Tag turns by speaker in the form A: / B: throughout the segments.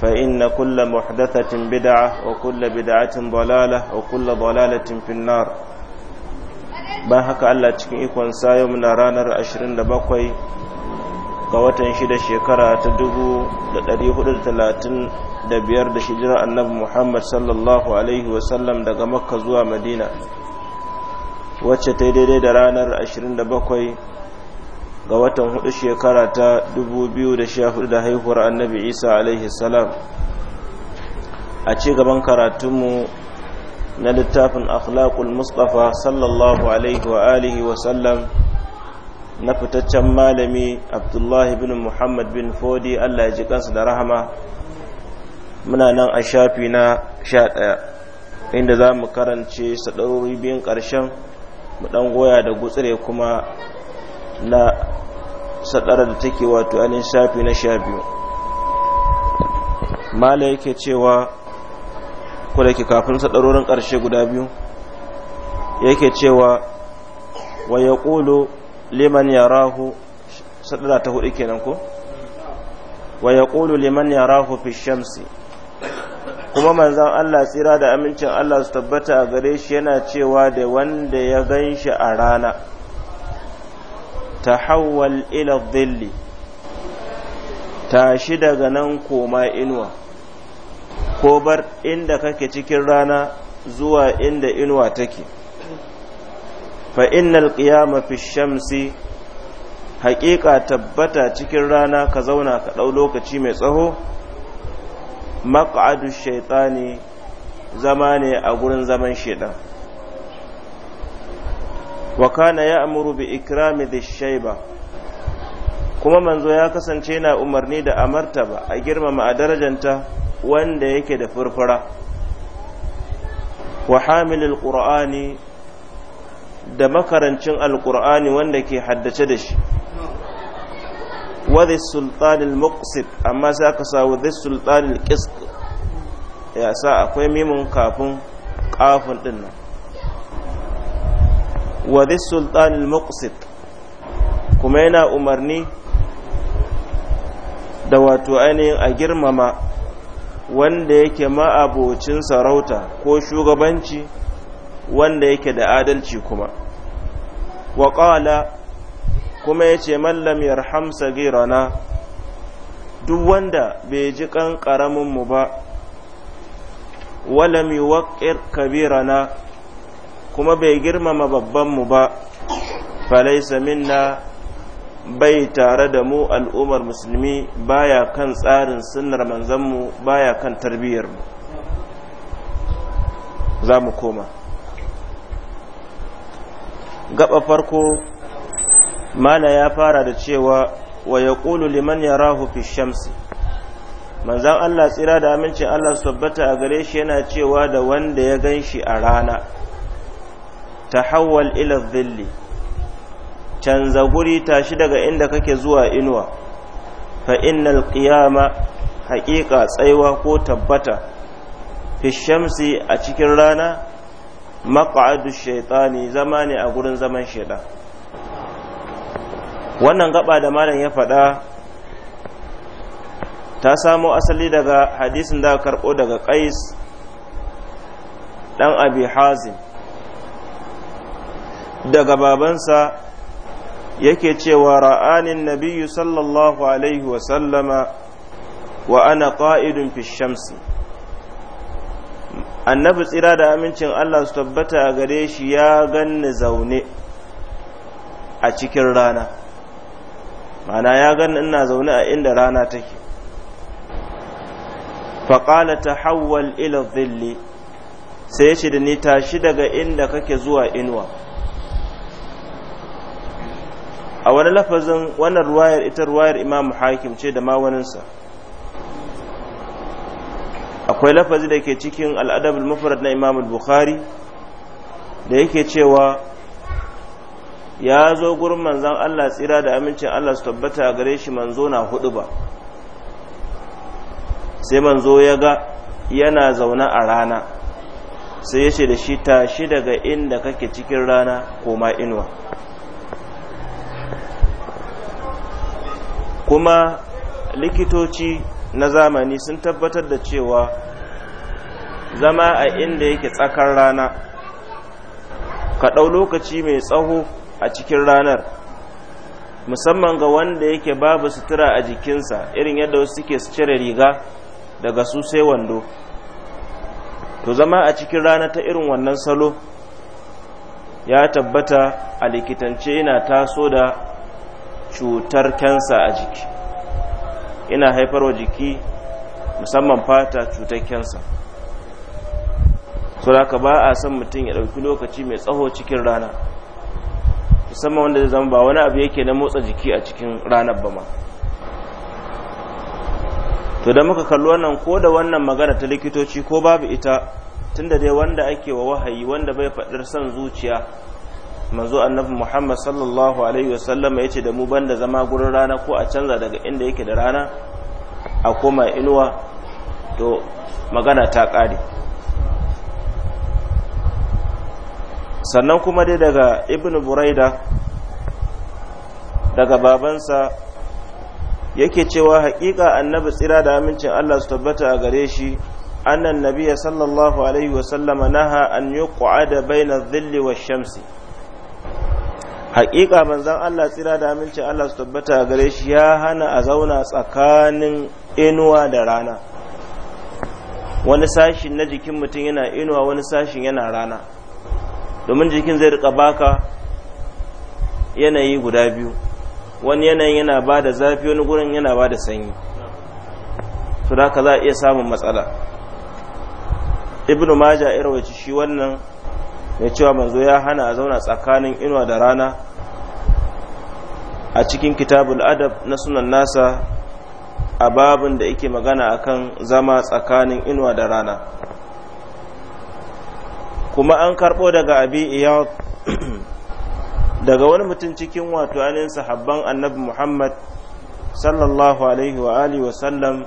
A: فإن كل محدثة بدعة وكل بدعة ضلالة وكل ضلالة في النار ba haka Allah cikin ikon yau muna ranar 27 ga watan shida shekara ta 1435 da shijirar annabi Muhammad sallallahu alaihi wasallam daga makka zuwa madina wacce ta daidai da ranar ga watan hudu shekara ta 2014 da haihuwar annabi isa alaihi salam a ci gaban karatunmu na littafin akhlaqul mustafa sallallahu alaihi wa alihi wa sallam na fitaccen malami abdullahi bin muhammad bin fodi allah ya ji kansa da rahama muna nan a shafi na sha ɗaya inda za mu karance sadarori biyun ƙarshen mu ɗan goya da gutsire kuma na sadara da take wato anin shafi na sha biyu mala yake cewa ko da ke kafin sadarorin ƙarshe guda biyu yake cewa wa ya liman liman rahu sadara ta hudu kenan ko wa ya liman liman rahu fi shamsi kuma manzan Allah tsira da amincin Allah su tabbata a gare shi yana cewa da wanda ya gan shi a rana tahawwal ila dhilli tashi daga nan koma inuwa ko bar inda kake cikin rana zuwa inda inuwa take fa innal qiyama fi shamsi haƙiƙa tabbata cikin rana ka zauna ka ɗau lokaci mai tsaho maƙa'adu shaitani zama ne a gurin zaman shaidan wa kana amuru bi ikrami da shaiba kuma manzo ya kasance yana umarni da amartaba a girmama a darajanta wanda yake da furfura wa hamil qur'ani da makarancin alqur'ani wanda ke haddace da shi wa dhis sultanil amma sai aka sa dhis sultanil ya sa akwai mimun kafin kafin ɗinnan wa dhis sultanil muqsit kuma yana umarni da wato ainihin a girmama wanda yake ma'abocin sarauta ko shugabanci wanda yake da adalci kuma wa ƙala kuma yace, ce mallam yarham sagirana duk wanda bai ji ƙan mu ba walami waƙir kabirana kuma bai girmama babbanmu ba falaisa minna bai tare da mu al'ummar musulmi baya kan tsarin sunnar manzanmu baya kan tarbiyyarmu za mu koma gaba farko mala ya fara da cewa wa ya liman ya rahu fi shamsi manzan allah tsira da amincin allah su tabbata a gare shi yana cewa da wanda ya gan shi a rana tahawwal ila dhilli canza guri tashi daga inda kake zuwa inuwa fa innal qiyama haƙiƙa tsaiwa ko tabbata fi shamsi a cikin rana maq'adu shaytani zama ne a gurin zaman shaitan wannan gaba da malam ya faɗa ta samo asali daga hadisin da karɓo daga qais dan abi hazim daga babansa yake cewa ra'anin nabiyyu sallallahu alaihi wasallama wa ana ƙa'idun fi shamsi annabi tsira da amincin Allah su tabbata a gare shi ya ganni zaune a cikin rana mana ya ganni ina zaune a inda rana take faƙala ta hawwal ila zilli sai ya da ni tashi daga inda kake zuwa inuwa a wani lafazin wannan ruwayar ita ruwayar imam hakim ce da mawaninsa akwai lafazi da ke cikin al'adabul mufrad na imam bukhari da yake cewa ya zo gurin manzan Allah tsira da amincin Allah su tabbata a gare shi manzo na hudu ba sai manzo ya ga yana zaune a rana sai ya ce da shi tashi daga inda kake cikin rana koma inuwa kuma likitoci na zamani sun tabbatar da cewa zama a inda yake tsakar rana ka ɗau lokaci mai tsaho a cikin ranar musamman ga wanda yake babu sutura a jikinsa irin yadda wasu suke cire riga daga su sai wando to zama a cikin rana ta irin wannan salo ya tabbata a likitance yana taso da cutar kansa a jiki ina haifarwa jiki musamman fata cutar kansa so da ba a san mutum ya ɗauki lokaci mai tsaho cikin rana musamman wanda zai zama ba wani abu yake na motsa jiki a cikin ranar ba ma to da muka kallo wannan ko da wannan magana ta likitoci ko babu ita tunda dai wanda ake wa wahayi wanda bai faɗar son zuciya manzo annabi Muhammad sallallahu alaihi wasallam ya ce da mu banda zama gurin rana ko a canza daga inda yake da rana a koma inuwa to magana ta ƙare sannan kuma dai daga ibn buraida daga babansa yake cewa haƙiƙa annabi tsira da amincin Allah su tabbata a gare shi annan nabiya sallallahu alaihi wasallama naha an yuqada na dhilli wash-shamsi haƙiƙa manzan Allah tsira da amincin Allah su tabbata gare shi ya hana a zauna tsakanin inuwa da rana wani sashin na jikin mutum yana inuwa wani sashin yana rana domin jikin zai rika baka yanayi guda biyu wani yanayin yana ba da zafi wani gurin yana ba da sanyi su da ka za a iya samun matsala ibnu maja ya shi wannan ya cewa manzo ya hana a zauna tsakanin inuwa da rana a cikin kitabul adab na sunan nasa a babin da yake magana akan zama tsakanin inuwa da rana kuma an karɓo daga abi iya daga wani mutum cikin wato ainihin sahabban annabi muhammad sallallahu alaihi wa alihi wa sallam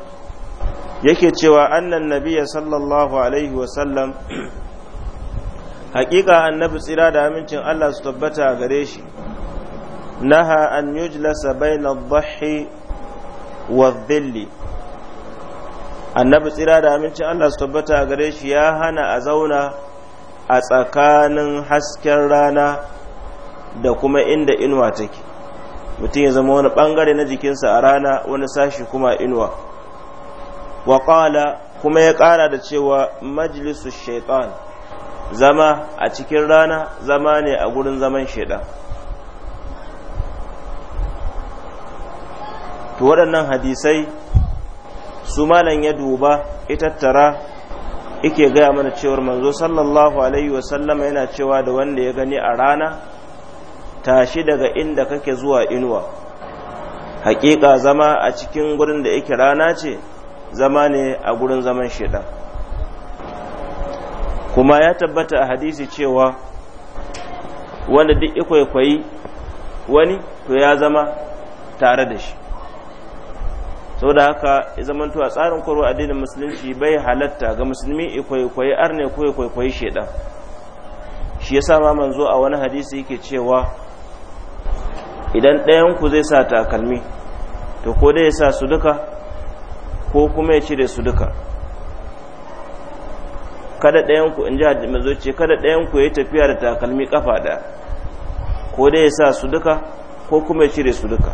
A: yake cewa annan nabiya sallallahu alaihi wa sallam haƙiƙa annabi tsira da amincin Allah su tabbata gare shi naha an yujlasa bayna dhahi wa dhilli annabi tsira da amincin Allah su tabbata gare shi ya hana a zauna a tsakanin hasken rana da kuma inda inuwa take mutum ya zama wani bangare na jikinsa a rana wani sashi kuma inuwa wa kuma ya kara da cewa majlisu shaitan zama a cikin rana zama ne a gurin zaman shaidan to waɗannan hadisai su malam ya duba itattara yake gaya mana cewar manzo sallallahu alaihi sallama yana cewa da wanda ya gani a rana tashi daga inda kake zuwa inuwa hakika zama a cikin gurin da yake rana ce zama ne a gurin zaman shaidan kuma ya tabbata a hadisi cewa wanda duk ikwai-kwai wani to ya zama tare da shi sau da haka ya zama a tsarin koro addinin musulunci bai halatta ga musulmi ikwaikwayi arne ko ikwai-kwai shaidan shi yasa ma manzo a wani hadisi yake cewa idan ɗayan ku zai sa takalmi to ko dai ya sa su duka ko kuma ya cire su duka kada ɗayan ku in ji hajji ce kada ɗayan ku ya tafiya da takalmi kafa ɗaya ko dai ya sa su duka ko kuma ya cire su duka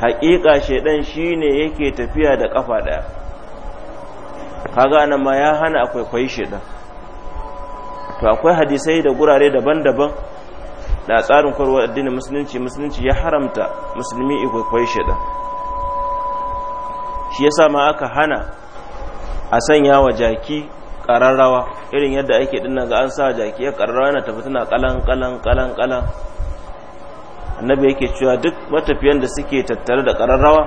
A: haƙiƙa shaidan shine yake tafiya da kafa ɗaya kaga nan ma ya hana akwai kwai shaidan to akwai hadisai da gurare daban-daban da tsarin kwarwar addinin musulunci musulunci ya haramta musulmi ikwakwai shaidan shi yasa ma aka hana a sanya wa jaki ƙararrawa irin yadda ake dinna ga an sa jaki ƙararrawa yana tafi tana ƙalan ƙalan ƙalan ƙalan annabi yake cewa duk matafiyan da suke tattare da ƙararrawa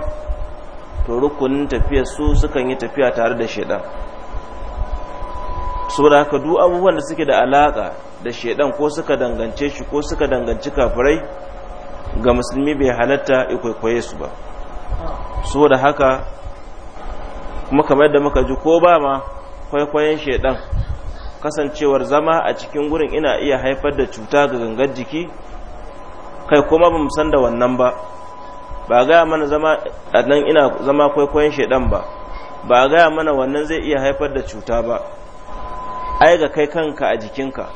A: to rukunin tafiya su sukan yi tafiya tare da shaidan da haka duk abubuwan da suke da alaƙa da shaidan ko suka dangance shi ko suka danganci kafirai ga musulmi bai halatta ikwaikwaye su ba da haka kuma kamar yadda muka ji ko ba ma kwaikwayon shaidan kasancewar zama a cikin gurin ina iya haifar da cuta ga gangar jiki kai kuma ba san da wannan ba ba gaya mana zama a nan ina zama kwaikwayon shaidan ba ba gaya mana wannan zai iya haifar da cuta ba ai ga kai kanka a jikinka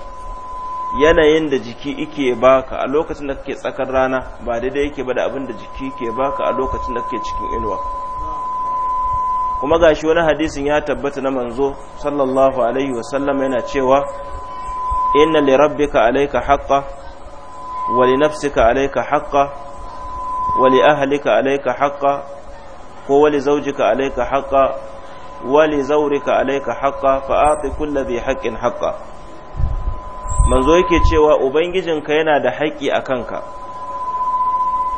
A: yanayin da jiki ike baka a lokacin da kake tsakar rana ba daidai yake ba da abin da jiki ke baka a lokacin da kake cikin inuwa kuma ga shi wani hadisin ya tabbata na manzo sallallahu alaihi wasallam yana cewa inna li rabbika alayka haqqan wa li nafsika alayka haqqan wa li ahlika alayka haqqan ko wa li zawjika alayka haqqan wa li zawrika alayka haqqan fa a'ti kulli dhi haqqin haqqan manzo yake cewa ubangijinka yana da haƙƙi a kanka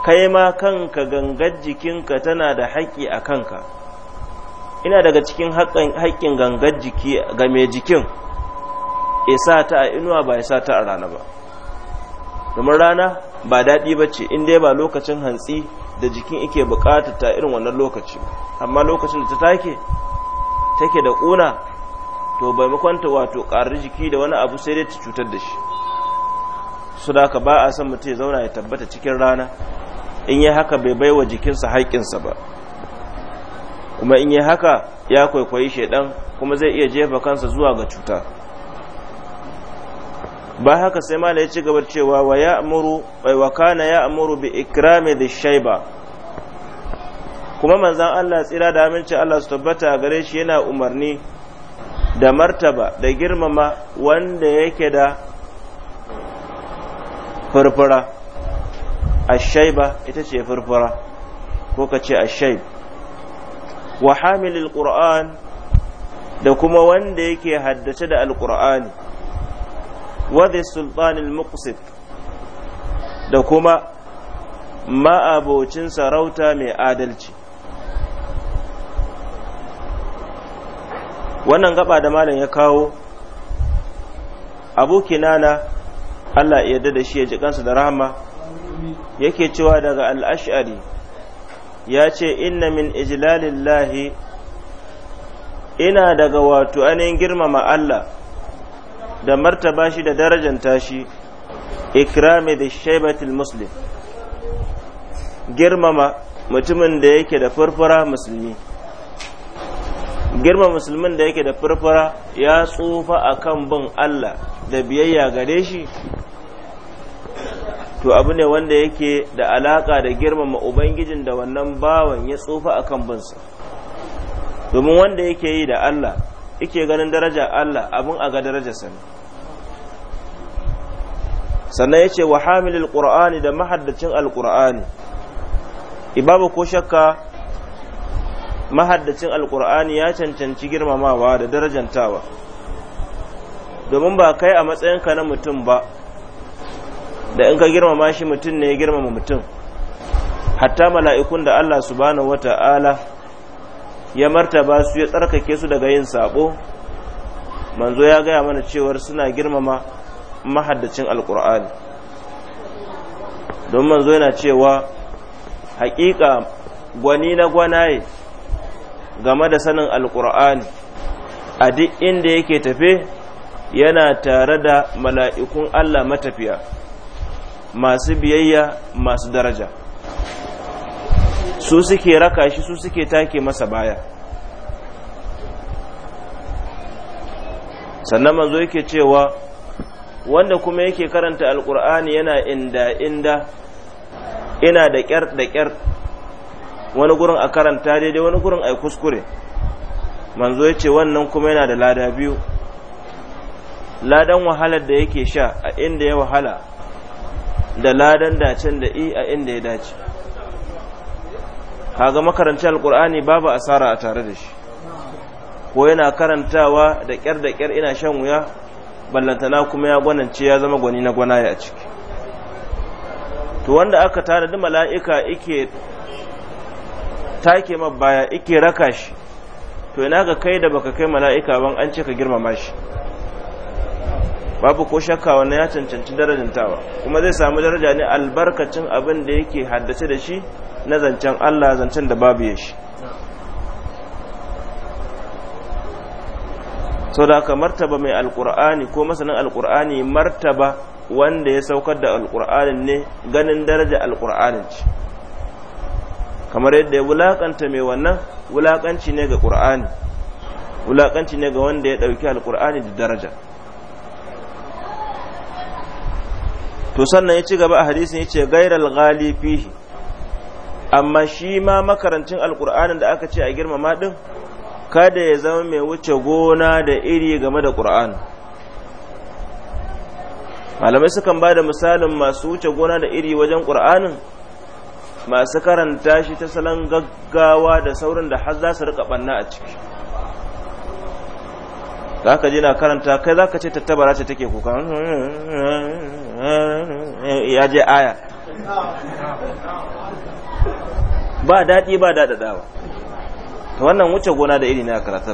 A: kai ma kanka gangar jikinka tana da haƙƙi a kanka ina daga cikin haƙƙin gangar jiki ga mai jikin isa ta a inuwa ba isa ta a rana ba domin rana ba daɗi ba ce in dai ba lokacin hantsi da jikin ike buƙatar ta irin wannan lokaci amma lokacin da ta take take da ƙuna to maimakon ta wato ƙarar jiki da wani abu sai dai ta cutar da shi su da ba a san mutum ya zauna ya tabbata cikin rana in yi haka bai baiwa jikinsa haƙƙinsa ba kuma in yi haka ya kwaikwayi shaidan kuma zai iya jefa kansa zuwa ga cuta ba haka sai mala ya ci gaba cewa wa ya amuru wa kana ya amuru bi ikrami da shaiba kuma manzan Allah tsira da aminci Allah su tabbata gare shi yana umarni da martaba da girmama wanda yake da furfura ashaiba ita ce furfura ko ka ce ashaib wa hamilil qur'an da kuma wanda yake haddace da alqur'ani wa dhi sultanil muqsit da kuma ma'abocin sarauta mai adalci wannan gaba da malam ya kawo abu kinana Allah ya yarda da shi ya ji kansa da rahama yake cewa daga ash'ari ya ce inna min ijlalillahi ina daga wato ainihin girmama Allah da martaba shi da darajar tashi ikrami da shaibatul muslim girmama mutumin da yake da furfura musulmi girma musulmin da yake da furfura ya tsufa a kan bin Allah da biyayya gare shi to abu ne wanda yake da alaka da girmama ubangijin da wannan bawan ya tsufa kan binsa domin wanda yake yi da Allah yake ganin daraja Allah abin a ga darajarsa ne sannan ya ce wa hamilil Kur'ani da mahaddacin alqur'ani ibabu ko shakka mahaddacin alqur'ani ya cancanci girmamawa da darajantawa domin ba kai a matsayinka na mutum ba da in ka girmama shi mutum ne ya girmama mutum hatta mala'ikun da Allah subhanahu wata'ala ya martaba su ya tsarkake su daga yin sabo manzo ya gaya mana cewar suna girmama mahaddacin alkur'ani don manzo yana cewa haƙiƙa gwani na gwanaye game da sanin alkur'ani a duk inda yake tafe yana tare da mala'ikun Allah matafiya masu biyayya masu daraja su suke raka shi su suke take masa baya sannan manzo yake cewa wanda kuma yake karanta alkur'ani yana inda inda ina da kyar da kyar wani gurin a karanta daidai wani gurin a kuskure manzo ya ce wannan kuma yana da lada biyu ladan wahalar da yake sha a inda ya wahala da ladan dacen da i a inda ya dace kaga makaranta alkur'ani babu asara a tare da shi ko yana karantawa da kyar da kyar ina shan wuya ballantana kuma ya gwanance ya zama gwani na gwanaye a ciki to wanda aka tare da mala'ika ike take mabaya ike raka shi to ina ga kai da baka kai mala'ika ban an ce ka girmama shi babu ko shakka wannan ya cancanci darajantawa kuma zai samu daraja ne albarkacin abin da yake haddace da shi na zancen Allah zancen da babu yashi shi sau da aka martaba mai alkur'ani ko masanin alkur'ani martaba wanda ya saukar da alkur'anin ne ganin daraja alkur'anin ci kamar yadda ya wulakanta mai wannan wulakanci ne ga ƙur'ani wulakanci ne ga wanda ya ɗauki alkur'ani da daraja to sannan ya ci gaba a hadisin ya ce gairal ghali fihi amma shi ma makarancin alkur'anin da aka ce a girmama din kada ya zama mai wuce gona da iri game da ƙur'ani malamai sukan ba da misalin masu wuce gona da iri wajen ƙur'anin masu karanta shi ta salon gaggawa da saurin da har za su riƙa ɓanna a ciki za ka na karanta kai za ka ce tattabara ce take kuka ya je aya ba daɗi ba daɗaɗawa ta wannan wuce gona da iri na karatu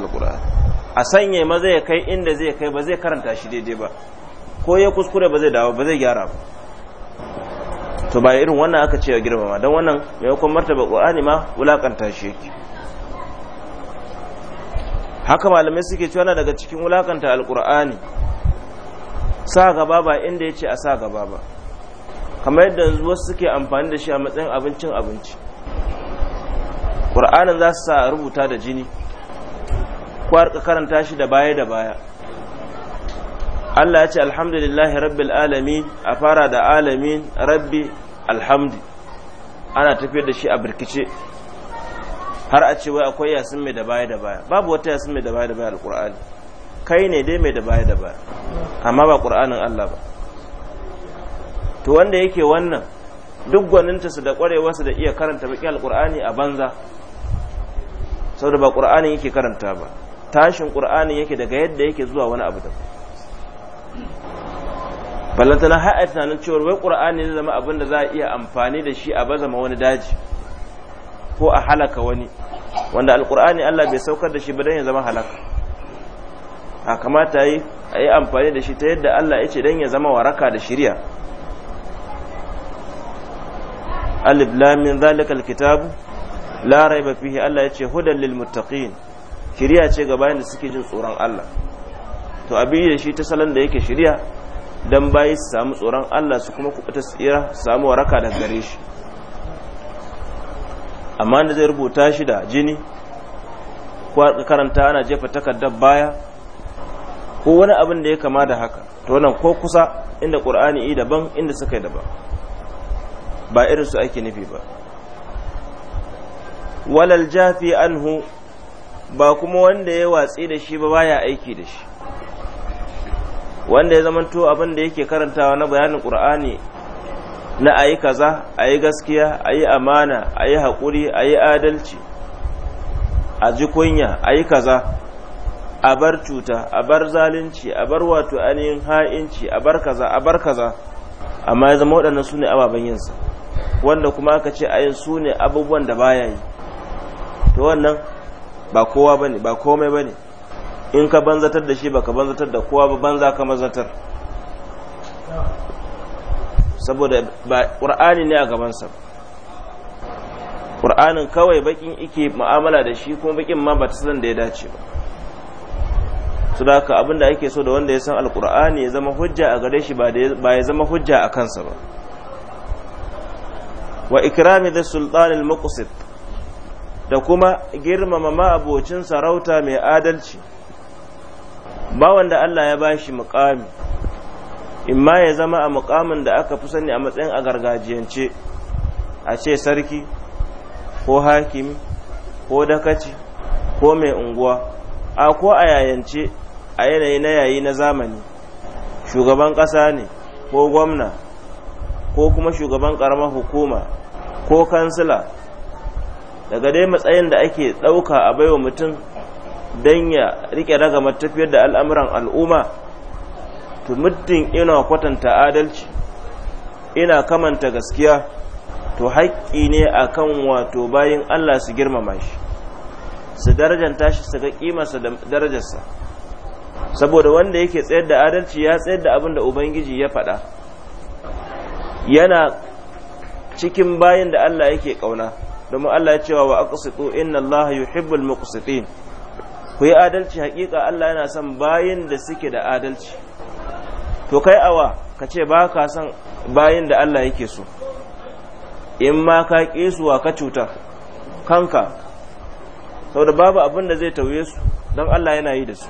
A: a sanya ma zai kai inda zai kai ba zai karanta shi daidai ba ko ya kuskure ba zai dawo ba zai gyara ba to ba irin wannan aka ce a girmama don wannan maimakon martaba ƙwa'ani ma wulaƙanta shi yake haka malamai suke cewa na daga cikin wulakanta alkur'ani sa gaba ba inda ya ce a sa gaba ba kamar yadda wasu suke amfani da shi a matsayin abincin abinci ƙur'anin za su sa a rubuta da jini ko ka karanta shi da baya da baya Allah ya ce alhamdulillahi rabbil alamin a fara da alamin rabbi alhamdi ana tafiyar da shi a birkice har a ce wai akwai yasin mai da baya da baya babu wata yasin mai da baya da baya alqur'ani kai ne dai mai da baya da baya amma ba qur'anin Allah ba to wanda yake wannan duk gwaninta su da su da iya karanta baki alqur'ani a banza saboda ba qur'ani yake karanta ba tashin qur'ani yake daga yadda yake zuwa wani abu da ballantana har a tunanin cewa wai qur'ani zai zama abin da za a iya amfani da shi a bazama wani daji ko a halaka wani wanda alkur'ani Allah bai saukar da shi ba dan ya zama halaka a kamata yi a yi amfani da shi ta yadda Allah ya ce dan ya zama waraka da shirya alif lamin zalikal kitabu la raiba fihi Allah ya ce hudan lil muttaqin shirya ce ga bayan da suke jin tsoron Allah to abi da shi ta salon da yake shirya dan bayi su samu tsoron Allah su kuma kubuta tsira su samu waraka daga gare shi amma da zai rubuta shi da jini ko karanta ana jefa takardar baya ko wani abin da ya kama da haka to wannan ko kusa inda qur'ani yi daban inda suka yi daban ba irin su ake nufi ba walal jafi anhu ba kuma wanda ya watsi da shi ba baya aiki da shi wanda ya zamanto abin da yake karantawa na bayanin qur'ani na a yi kaza a yi gaskiya a yi amana a yi haƙuri a yi adalci a ji kunya a yi kaza a bar cuta a bar zalunci a bar wato ainihin ha'inci a bar kaza a bar kaza amma ya zama waɗannan su ne ababen yinsa wanda kuma aka ce ayin su ne abubuwan da baya yi to wannan ba kowa bane ba komai bane in ka banzatar da shi baka banzatar da kowa ba banza ka mazatar saboda ba ƙur'ani ne a gabansa ƙur'anin kawai bakin ike ma'amala da shi kuma bakin ma ba ta san da ya dace ba su da haka abinda ake so da wanda ya san alƙur'ani ya zama hujja a gare shi ba ya zama hujja a kansa ba wa ikrami da sultanin makusit da kuma girmama ma'abocin sarauta mai adalci ba wanda Allah ya bashi muƙami imma ya zama a mukamin da aka fi sani a matsayin a gargajiyance a ce sarki ko hakimi ko dakaci ko mai unguwa a ko a yayance a yanayi na yayi na zamani shugaban ƙasa ne ko gwamna ko kuma shugaban ƙaramar hukuma ko kansila daga dai matsayin da ake ɗauka a baiwa mutum don ya riƙe ragamar matafiyar da al'amuran al'umma to muddin ina kwatanta adalci ina kamanta gaskiya to haƙƙi ne a kan wato bayan Allah su girmama shi su darajanta shi su ga kimarsa da darajarsa saboda wanda yake tsayar da adalci ya tsayar da abin da ubangiji ya faɗa yana cikin bayan da Allah yake ƙauna domin Allah ya cewa wa aqsitu inna Allah yuhibbul muqsitin ku yi adalci haƙiƙa Allah yana son bayan da suke da adalci to kai awa ka ce ba ka san bayin da Allah yake so in ma ka ƙesuwa ka cuta kanka saboda babu abin da zai tauye su don Allah yana yi da su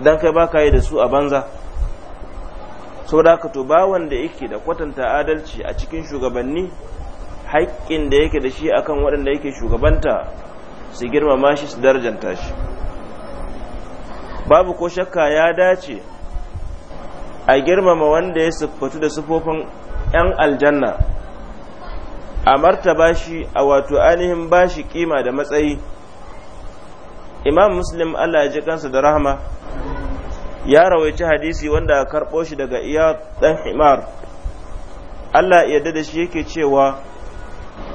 A: don kai ba ka yi da su a banza da ka to ba wanda yake da kwatanta adalci a cikin shugabanni haƙƙin da yake da shi akan waɗanda yake shugabanta su girmama shi su darajanta shi babu ko shakka ya dace a girmama wanda ya siffatu da sufofin 'yan aljanna a martaba shi a wato ainihin ba shi kima da matsayi imam muslim allah ji kansa da rahama ya rawaici hadisi wanda a karɓo shi daga iya ɗan himar allah yadda da shi yake cewa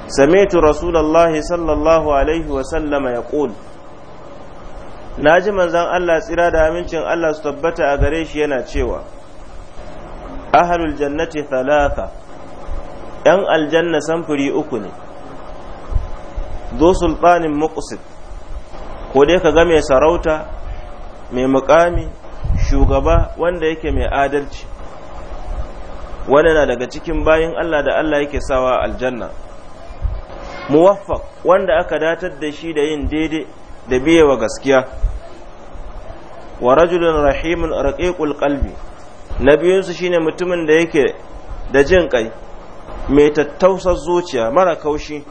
A: samitu rasulallahi sallallahu alaihi wasallama ya ƙul na ji manzan allah tsira da amincin allah su tabbata a gare shi yana cewa ahalul jannati thalatha yan aljanna samfuri uku ne zo sultanin muqsid ko dai ka ga mai sarauta mai mukami shugaba wanda yake mai adalci wani na daga cikin bayin Allah da Allah yake sawa aljanna muwaffaq wanda aka datar da shi da yin daidai da biyewa gaskiya wa rajulun rahimun raqiqul qalbi na biyunsu shine mutumin da yake da jin kai mai tattausar zuciya mara kaushi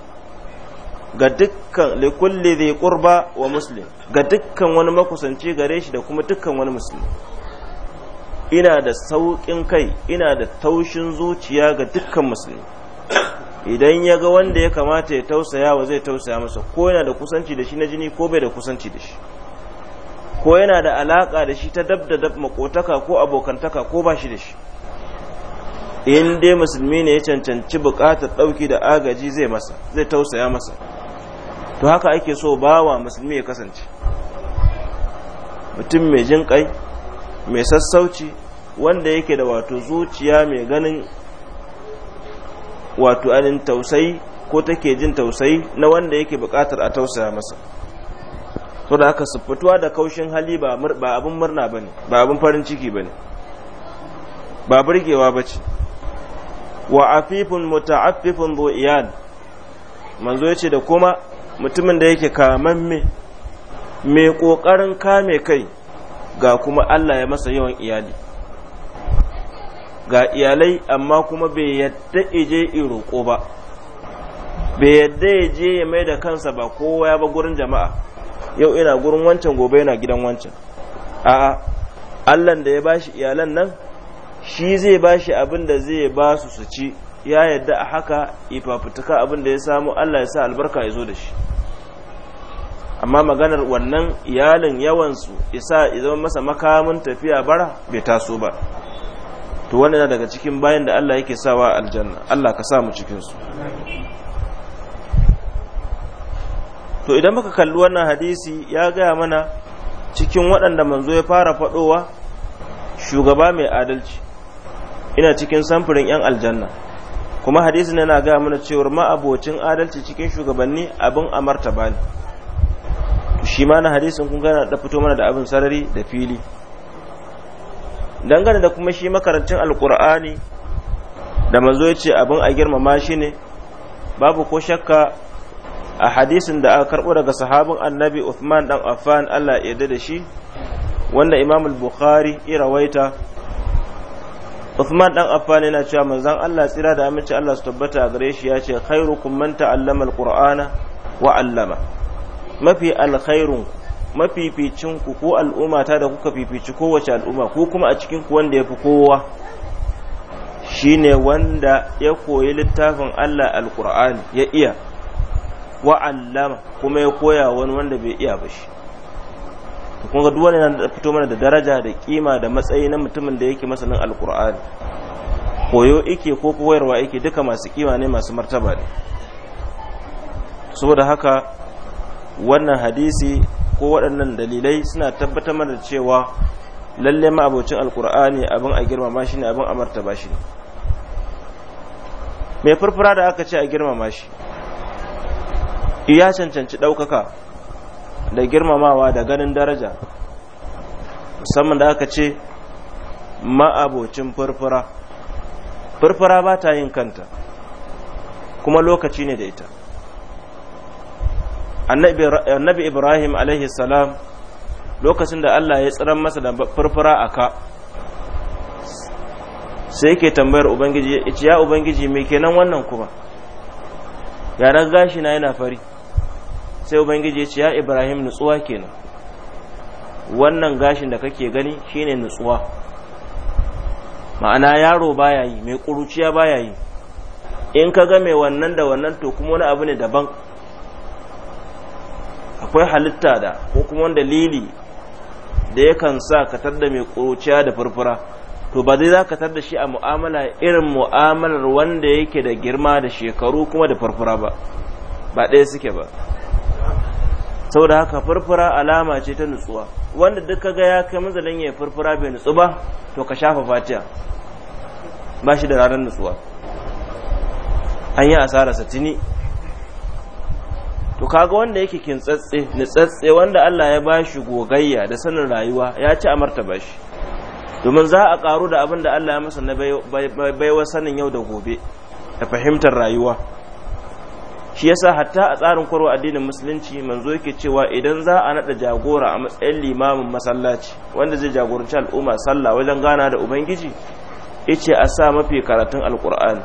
A: ga dukkan likulli zai kurba wa muslim ga dukkan wani makusanci gare shi da kuma dukkan wani muslim ina da sauƙin kai ina da taushin zuciya ga dukkan muslim idan ya ga wanda ya kamata ya tausaya wa zai tausaya masa ko yana da kusanci da shi na jini ko bai da kusanci da shi ko yana da alaƙa da shi ta dab da dab makotaka ko abokantaka ko ba shi da shi in dai musulmi ne ya cancanci bukatar ɗauki da agaji zai masa zai tausaya masa to haka ake so bawa musulmi ya kasance mutum mai jin ƙai mai sassauci wanda yake da wato zuciya mai ganin wato anin tausayi ko take jin tausayi na wanda yake bukatar a tausaya masa so da aka fituwa da kaushin hali ba abin murna ba ne ba abin farin ciki ba ne ba burgewa ba ce wa afifin muta'affifin zo'iyan manzo ya ce da kuma mutumin da yake kamamme mai kokarin kame kai ga kuma Allah ya masa yawan iyali ga iyalai amma kuma bai yadda ije roƙo ba bai yadda ya je ya mai da kansa ba kowa ya ba gurin jama'a yau ina gurin wancan gobe yana gidan wancan a'a allan da ya bashi iyalan nan shi zai bashi abin da zai ba su su ci ya yadda a haka ifafutuka abin da ya samu allah ya sa albarka ya zo da shi amma maganar wannan iyalin yawansu isa zama masa makamin tafiya bara bai taso ba to wannan daga cikin bayan da Allah yake sawa aljanna Allah ka sa mu cikin su to idan muka kalli wannan hadisi ya gaya mana cikin waɗanda manzo ya fara faɗowa shugaba mai adalci ina cikin samfurin 'yan aljanna kuma hadisi na gaya mana cewar ma'abocin adalci cikin shugabanni abin a martaba ne shi ma na hadisin kun gana da fito mana da abin sarari da fili dangane da kuma shi makarancin alkur'ani da manzo ya ce abin a girmama shi ne babu ko shakka a hadisin da aka karɓo daga sahabin annabi Uthman ɗan Affan Allah ya da shi wanda Imam al-Bukhari ya rawaita Uthman ɗan Affan yana cewa manzon Allah tsira da aminci Allah su tabbata a gare shi ya ce khairukum man ta'allama al-Qur'ana wa 'allama mafi alkhairun mafificin ku ko al'umma ta da kuka fifici kowace al'umma ko kuma a cikin ku wanda ya fi kowa shine wanda ya koyi littafin Allah al-Qur'ani ya iya wa allama kuma ya koya wani wanda bai iya ba shi to kun ga duk wani da fito mana da daraja da kima da matsayi na mutumin da yake masanin alqur'ani koyo yake ko koyarwa yake duka masu kima ne masu martaba ne saboda haka wannan hadisi ko waɗannan dalilai suna tabbatar mana da cewa lalle ma abocin alqur'ani abin a girmama shi ne abin a martaba shi ne mai furfura da aka ce a girmama shi ya cancanci ɗaukaka da girmamawa da ganin daraja musamman da aka ce ma'abocin furfura furfura ba ta yin kanta kuma lokaci ne da ita annabi ibrahim alaihi salam lokacin da allah ya tsiran masa da furfura a ka sai ke tambayar ubangiji ya ubangiji mai kenan wannan kuma yanar gashi na yana fari sai ubangiji ya ce ya ibrahim nutsuwa kenan wannan gashin da kake gani shine nutsuwa ma'ana yaro baya yi mai ƙuruciya baya yi in ka ga mai wannan da wannan to kuma wani abu ne daban akwai halitta da ko kuma wanda lili da kan sa ka da mai ƙuruciya da furfura to ba zai za ka da shi a mu'amala irin mu'amalar wanda yake da girma da shekaru kuma da furfura ba ba ɗaya suke ba saboda haka furfura alama ce ta nutsuwa wanda duk kaga ya kai mazalin ya furfura bai nutsu ba to ka shafa fatiha ba shi da ranar nutsuwa an yi asara satini to kaga wanda yake kintsatse nutsatse wanda Allah ya bashi gogayya da sanin rayuwa ya ci amarta bashi domin za a karu da abin da Allah ya masa na baiwa sanin yau da gobe da fahimtar rayuwa shi yasa hatta a tsarin kwarwa addinin musulunci manzo yake cewa idan za a nada jagora a matsayin limamin masallaci wanda zai jagoranci al'umma sallah wajen gana da ubangiji yace a sa mafi karatun alqur'ani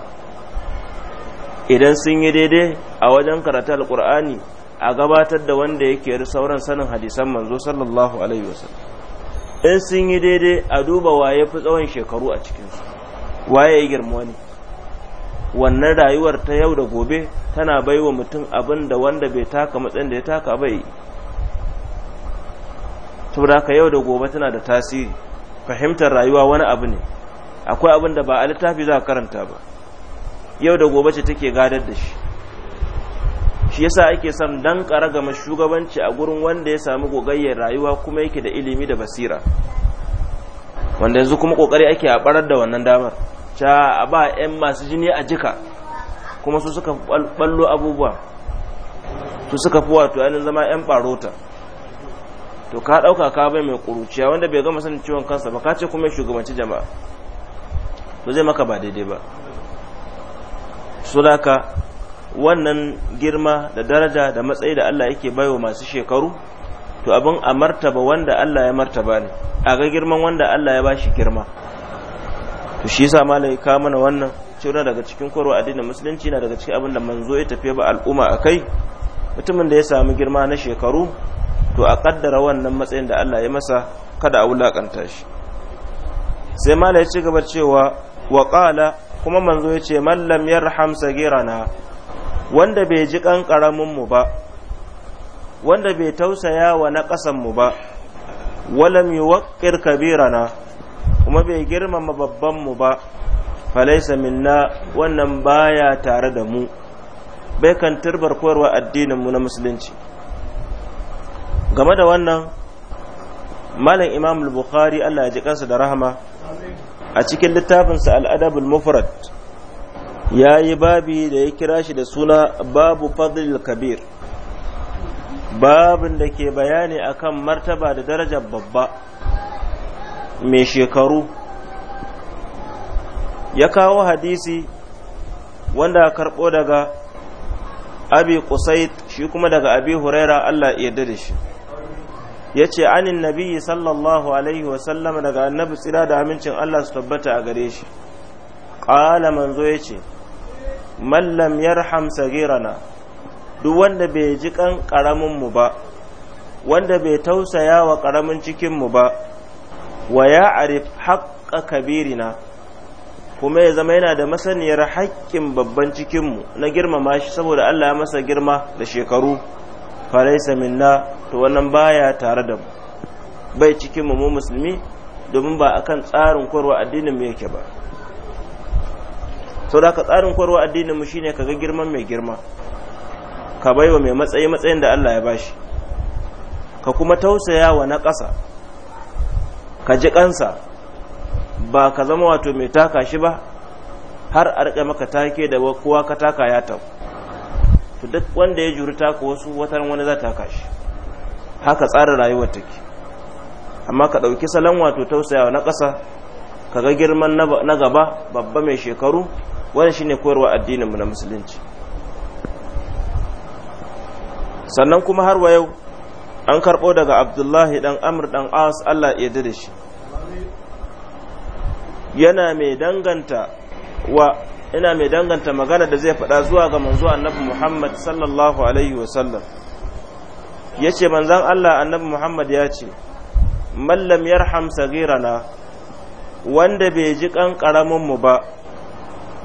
A: idan sun yi daidai a wajen karatu alqur'ani a gabatar da wanda yake sauran sanin hadisan manzo sallallahu alaihi wasallam in sun yi daidai a duba waye fi tsawon shekaru a cikin su. waye ya girma wani wannan rayuwar ta yau da gobe tana bai wa mutum abin da wanda bai taka matsayin da ya taka bai tura ka yau da gobe tana da tasiri fahimtar rayuwa wani abu ne akwai abin da ba a littafi za a karanta ba yau da gobe ce take gadar da shi shi yasa ake son dan gama shugabanci a gurin wanda ya samu gogayyar rayuwa kuma yake da ilimi da basira wanda yanzu kuma kokari ake a barar da wannan damar mahaukata a ba 'yan masu jini a jika kuma su suka ballo abubuwa su suka fi wato yanin zama 'yan barota to ka ɗauka ka bai mai ƙuruciya wanda bai gama sanin ciwon kansa ba ka ce kuma shugabanci jama'a to zai maka ba daidai ba su sulaka wannan girma da daraja da matsayi da Allah yake wa masu shekaru to abin a martaba wanda Allah ya martaba ne a ga girman wanda Allah ya ba shi girma to shi yasa malai ka mana wannan cewa daga cikin koro addinin musulunci na daga cikin abin da manzo ya tafi ba al'umma akai mutumin da ya samu girma na shekaru to a kaddara wannan matsayin da Allah ya masa kada a wulakanta shi sai malai ya ci gaba cewa wa qala kuma manzo ya ce man lam yarham sagirana wanda bai ji kan karamin mu ba wanda bai tausaya wa na kasan mu ba walam yuwaqqir kabirana kuma bai girmama babbanmu ba falaisa minna wannan baya tare da mu bai kan turbar koyarwa addininmu na musulunci game da wannan malam imam al-bukhari Allah ya ji kansa da rahama a cikin littafinsa al mufrad ya yi babi da ya kira shi da suna babu fadlil kabir babin da ke bayani akan martaba da darajar babba mai shekaru ya kawo hadisi wanda karɓo daga abi kusait shi kuma daga abi huraira Allah ya da shi ya ce anin nabiyyi sallallahu alaihi wasallam daga annabi tsira da amincin Allah su tabbata a gare shi ƙala manzo ya ce mallam yarham sagirana duk wanda bai ji kan mu ba wanda bai tausaya wa ƙaramin cikinmu ba wa ya arif haqqa kabirina kuma ya zama yana da masaniyar haƙƙin babban cikinmu na girmama shi saboda Allah ya masa girma da shekaru faraisa minna to wannan baya tare da mu bai cikinmu mu musulmi domin ba akan tsarin korwa addinin mu yake ba da ka tsarin korwa addinin mu shine kaga girman mai girma ka baiwa mai matsayi matsayin da Allah ya bashi ka kuma tausaya wa na ƙasa ka ji kansa ba ka zama wato mai taka shi ba har a rika maka take da kowa ka taka ya tabu to duk wanda ya juri taka wasu watan wani za taka shi haka tsara rayuwar take amma ka ɗauki salon wato tausayawa na ƙasa ka ga girman na gaba babba mai shekaru wani shine koyarwa addininmu na musulunci sannan kuma har wa yau an karɓo daga abdullahi ɗan amur ɗan as Allah ya da shi yana mai danganta wa ina mai danganta magana da zai faɗa zuwa ga manzo annabi Muhammad sallallahu alaihi wasallam ya ce manzan Allah annabi Muhammad ya ce mallam yarham sagirana wanda bai ji kan mu ba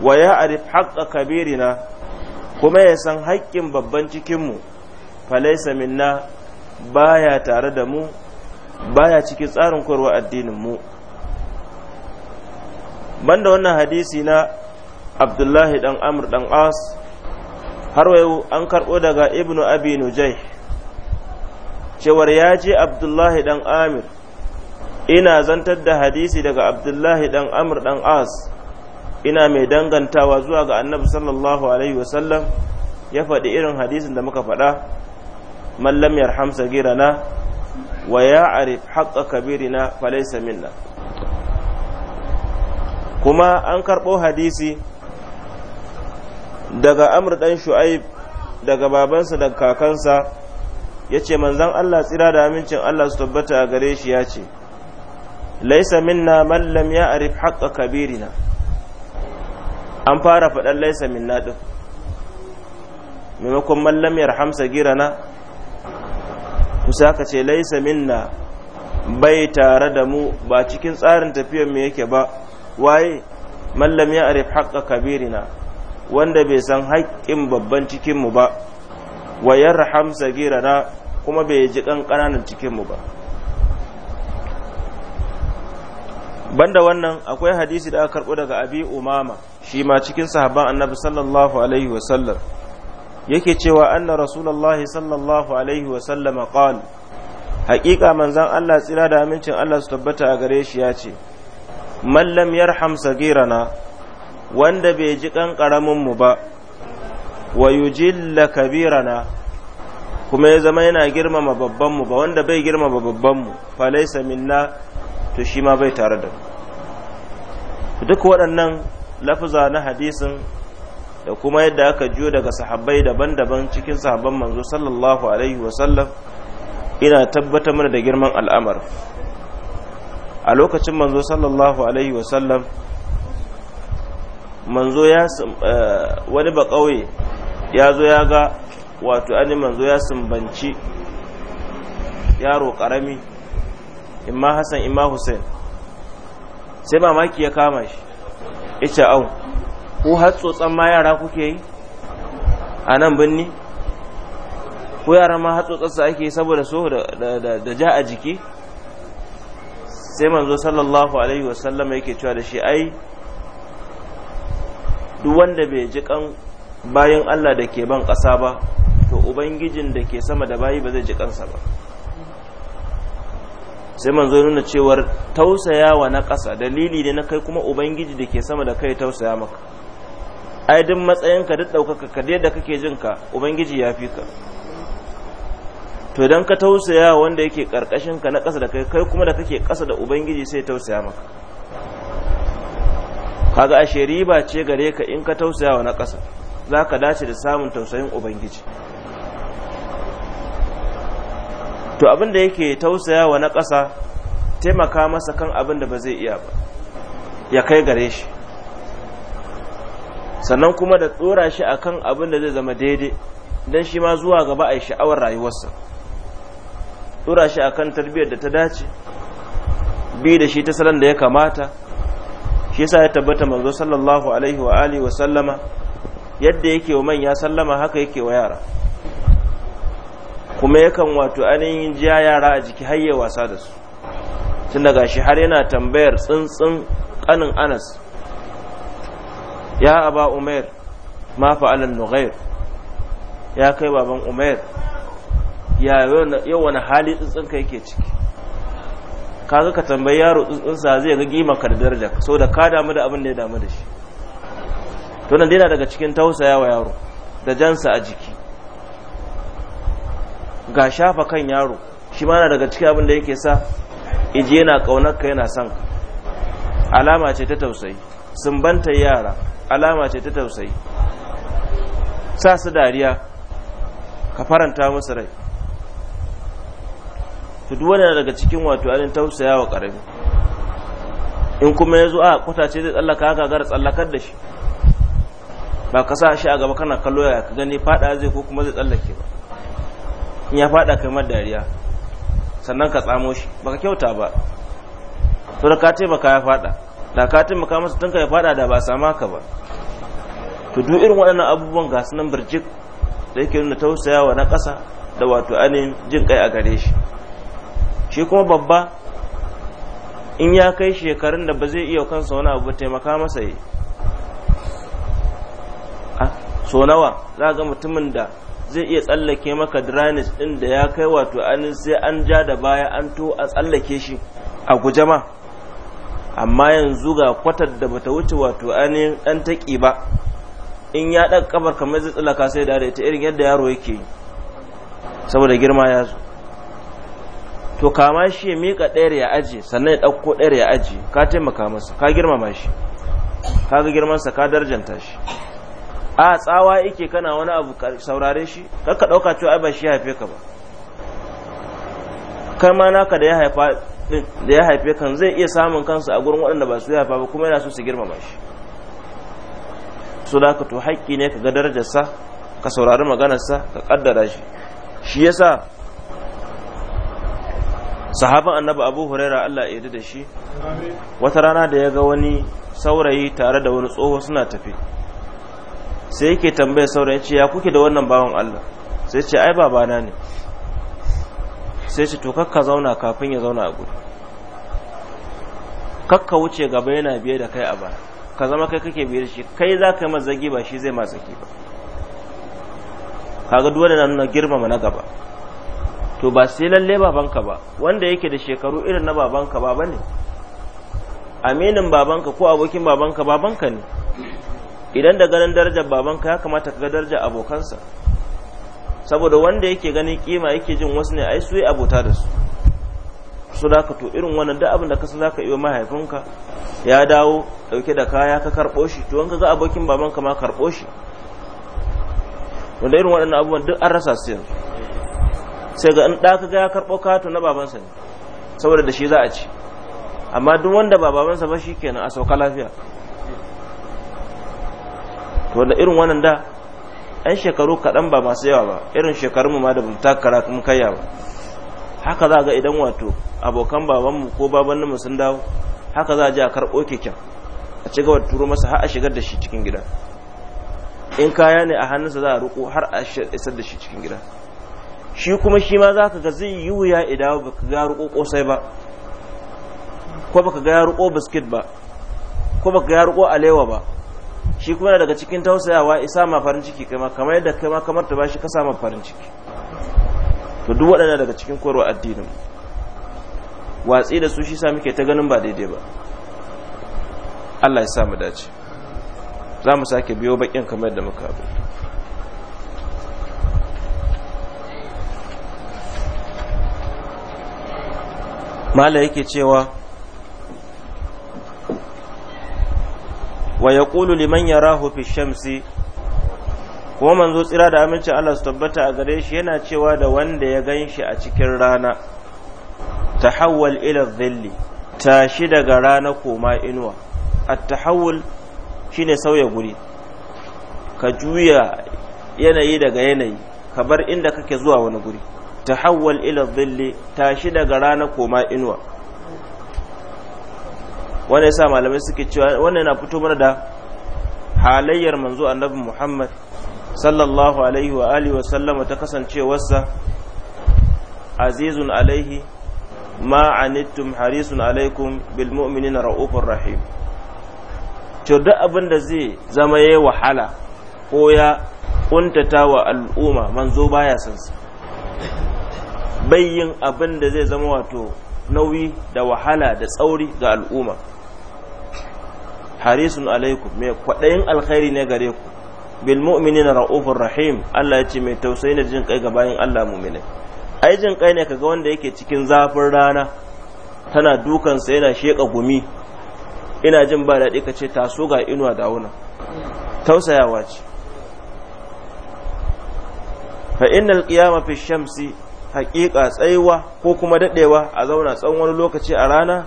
A: wa ya arif haƙƙa kabirina kuma ya san haƙƙin babban cikinmu falaisa minna baya tare da mu baya cikin tsarin kwarwa addinin mu banda wannan hadisi na abdullahi dan amr dan as har wayo an karɓo daga ibnu abi nujay cewar ya je abdullahi dan amir ina zantar da hadisi daga abdullahi dan amr dan as ina mai dangantawa zuwa ga annabi sallallahu alaihi wasallam ya faɗi irin hadisin da muka faɗa man lam yarham sagirana wa ya'rif haqqa kabirina falaysa minna kuma an karɓo hadisi daga amr dan shu'aib daga babansa da kakansa ya ce manzan Allah tsira da amincin Allah su tabbata a gare shi ya ce laisa minna mallam ya arif haƙa kabirina an fara faɗan laisa minna ɗin maimakon mallam ya rahamsa na. kusa ka ce laisa minna bai tare da mu ba cikin tsarin tafiyar mu yake ba waye mallam ya arif haqqa kabirina wanda bai san haƙƙin babban cikin mu ba wa yarham sagirana kuma bai ji dan ƙananan cikin mu ba banda wannan akwai hadisi da aka karɓo daga abi umama shi ma cikin sahabban annabi sallallahu alaihi wasallam yake cewa anna rasulullahi sallallahu alaihi wa sallama qala haƙiƙa manzan Allah tsira da amincin Allah su tabbata a gare shi ya ce man lam yarham sagirana wanda bai ji kan karamin mu ba wa yujilla kabirana kuma ya zama yana girmama babban mu ba wanda bai girmama babban mu fa laysa minna to shi ma bai tare da duk waɗannan lafuza na hadisin da kuma yadda aka jiyo daga sahabbai daban-daban cikin sahabban manzo sallallahu alaihi wasallam ina tabbatar mana da girman al'amar a lokacin manzo sallallahu alaihi wasallam manzo ya eh, wani ba kauye ya zo ya ga wato ani manzo ya sumbanci yaro ƙarami imma hassan imma hussein sai mamaki ya kama shi ita au ku har tsotsan ma yara kuke yi a nan binni ko yara ma har su ake saboda so da ja a jiki sai manzo sallallahu alaihi wasallam yake cewa da shi ai duk wanda bai ji kan bayan Allah da ke ban ƙasa ba to ubangijin da ke sama da bayi ba zai ji kansa ba sai manzo nuna cewar tausayawa na ƙasa dalili ne na kai kuma ubangiji da ke sama da kai tausaya maka ai duk matsayinka duk ɗaukaka ka da kake jin ka ubangiji ya fi ka to idan ka tausaya wanda yake karkashin ka na ƙasa da kai kai kuma da kake ƙasa da ubangiji sai tausaya maka kaga ashe riba ce gare ka in ka tausaya wa na ƙasa za ka dace da samun tausayin ubangiji to abin da yake tausaya wa na ƙasa taimaka masa kan abin da ba zai iya ba ya kai gare shi sannan kuma da tsora shi kan abin da zai zama daidai don shi ma zuwa gaba a yi sha'awar rayuwarsa tsora shi kan tarbiyyar da ta dace bi da shi ta salon da ya kamata shi yasa ya tabbata manzo sallallahu alaihi wa alihi wa sallama yadda yake wa manya sallama haka yake wa yara kuma yakan wato ainihin jiya yara a jiki hayye wasa da su tun daga shi har yana tambayar tsintsin kanin anas ya aba umair ma fa'alan nughair ya kai baban umair ya yau wani hali tsintsinka yake ciki kaga ka tambayi yaro tsintsinsa zai ga gima ka da daraja so da ka damu da abin da ya damu da shi to nan daga cikin tausaya wa yaro da jansa a jiki ga shafa kan yaro shi ma na daga cikin abin da yake sa ije yana kaunar ka yana son alama ce ta tausayi sumbanta yara alama ce ta tausayi sa su dariya ka faranta musu rai to duk daga cikin wato ainihin tausaya wa karami in kuma ya zo a kwatace zai tsallaka haka gara tsallakar da shi ba ka sa shi a gaba kana kallo ya ka gani fada zai ko kuma zai tsallake ba in ya fada kai dariya sannan ka tsamo shi baka kyauta ba to da ka taimaka ya fada da ka taimaka tun ka ya fada da ba sama ka ba to duk irin waɗannan abubuwan ga su nan birjik da yake nuna tausayawa na ƙasa da wato anin jin kai a gare shi shi kuma babba in ya kai shekarun da ba zai iya kansa wani abu taimaka masa yi a so nawa za ga mutumin da zai iya tsallake maka drainage ɗin da ya kai wato anin sai an ja da baya an to a tsallake shi a gujama. amma yanzu ga kwatar da bata wuce wato ainihin ɗan taƙi ba in ya ɗan kamar kamar zai tsalaka sai da ta irin yadda yaro yake yi saboda girma ya zo to kama shi ya miƙa ɗayar ya aji sannan ya ɗauko ɗayar ya aji ka taimaka masa ka girmama shi ka ga girmansa ka darjanta shi a tsawa yake kana wani abu saurare shi kar ka ɗauka cewa ai ba shi haife ka ba kai ma naka da ya haifa da ya haife kan zai iya samun kansa a gurin waɗanda ba su haifa ba kuma yana so su girmama shi so da to haƙƙi ne ka ga darajarsa ka saurari maganarsa ka ƙaddara shi shi ya sa. sahaban annabi abu huraira allah ya da shi wata rana da ya ga wani saurayi tare da wani tsoho suna tafi sai yake tambayar saurayi ce ya kuke da wannan bawan allah sai ce ai babana ne sai su to kakka zauna kafin ya zauna a gudu kakka wuce gaba yana biye da kai a ba ka zama kai kake biye da shi kai za ka yi mazagi ba shi zai mazagi ba kaga duk wanda nuna girmama na gaba to ba sai lalle babanka ba wanda yake da shekaru irin na babanka ba bane aminin babanka ko abokin babanka babanka ne idan da ganin darajar babanka ya kamata ka ga darajar abokansa saboda wanda yake ganin kima yake jin wasu ne ai su yi abota da su su da ka to irin wannan duk abin da ka san zaka iya mahaifinka ya dawo dauke da kaya ka karbo shi to wanka ga abokin baban ka ma karbo shi wanda irin waɗannan abubuwan duk an rasa su yanzu sai ga in da ka ga ya karbo ka to na babansa ne saboda da shi za a ci amma duk wanda ba babansa ba shi kenan a sauka lafiya to da irin wannan da 'yan shekaru kaɗan ba masu yawa ba irin shekarunmu ma da mu ta kara kuma kayya ba haka za ga idan wato abokan babanmu ko babanninmu sun dawo haka za a ji a karɓo keken a ci gaba turo masa har a shigar da shi cikin gida in kaya ne a hannunsa za a riƙo har a isar da shi cikin gida shi kuma shi ma za ka ga zai yi wuya idan ba ka ga riƙo ƙosai ba ko ba ka ga ya riƙo biskit ba ko ba ka ga ya riƙo alewa ba shi kuma daga cikin tausayawa isa ma farin ciki kama kamar yadda kama kamar ta bashi ka sama farin ciki to duk waɗanda daga cikin korwa addinin watsi da su shi sa muke ta ganin ba daidai ba Allah ya sa mu dace za mu sake biyo bakin kamar da muka abu mala yake cewa wa ya ƙulu liman rahu fi shamsi kuma manzo tsira da amincin Allah su tabbata a gare shi yana cewa da wanda ya gan shi a cikin rana tahawwal ila ta tashi daga rana koma inuwa at-tahawul shine sauya guri ka juya yanayi daga yanayi ka bar inda kake zuwa wani guri tahawwal ila ta tashi daga rana koma inuwa ya yasa malamai suke cewa wannan yana fito mana da halayyar manzo annabi Muhammad sallallahu alaihi wa alihi wa sallama ta kasancewarsa azizun alaihi ma anittum harisun alaikum bil mu'minina raufur rahim to duk abin da zai zama yayi wahala ko ya kuntata wa al'umma manzo baya san sa bayyin abin da zai zama wato nauyi da wahala da tsauri ga al'umma harisun alaikum mai kwaɗayin alkhairi ne gare ku bil na ra'ufin rahim Allah ya ce mai tausayi da jin kai ga bayan Allah mu'mini ai jin kai ne kaga wanda yake cikin zafin rana tana dukansa yana sheka gumi ina jin ba daɗi ka ce taso ga inuwa da wuna tausayawa ce fa innal qiyama fi shamsi haƙiƙa tsayuwa ko kuma daɗewa a zauna tsawon wani lokaci a rana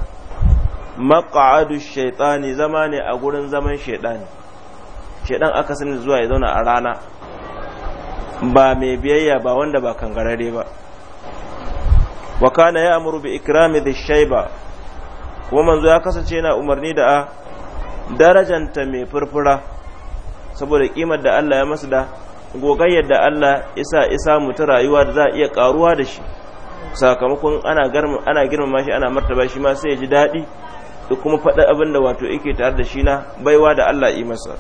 A: maq'adu shaytani zama ne a gurin zaman shaytani shaytan aka sani zuwa ya zauna a rana ba mai biyayya ba wanda ba kangarare ba wa kana amuru bi ikrami da shaiba kuma manzo ya kasance yana umarni da a darajanta mai furfura saboda kimar da Allah ya masu da gogayyar da Allah isa isa mu ta rayuwa da za a iya karuwa da shi sakamakon ana girmama shi ana martaba shi ma sai ya ji daɗi da kuma faɗa abin da wato yake tare da shi na baiwa da Allah yi masa